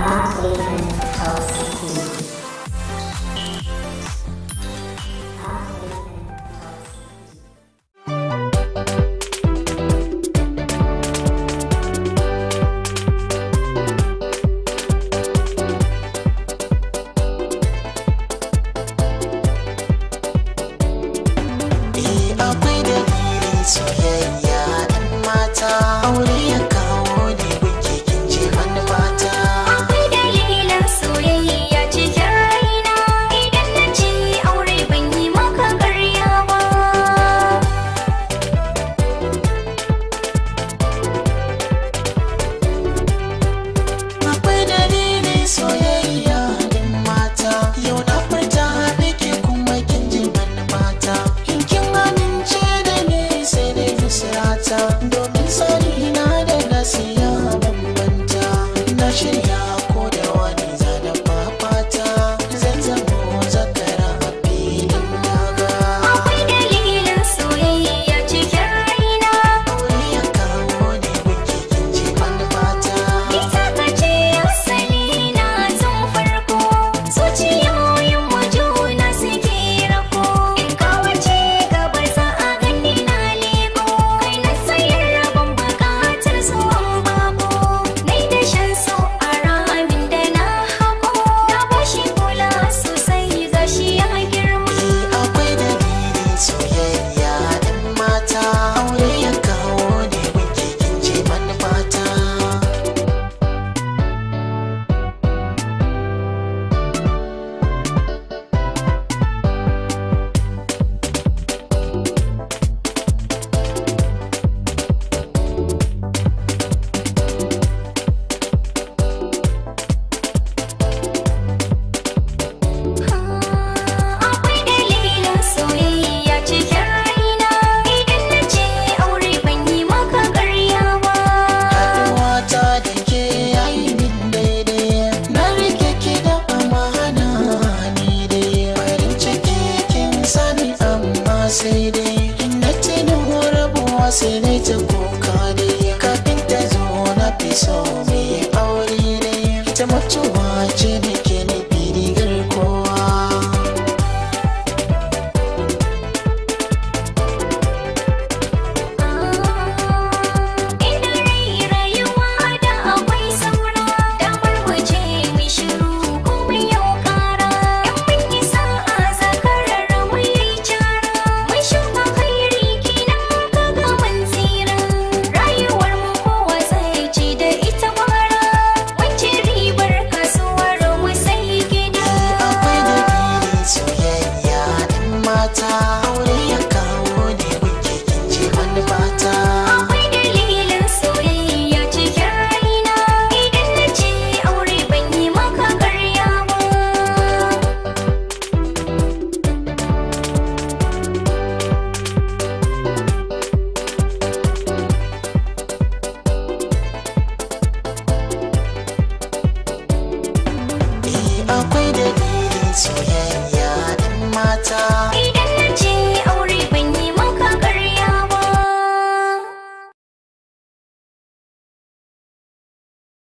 Aunt Adrian Tulsi. Sorry. nai ta kuka ne kafin ta zo na fi so dance.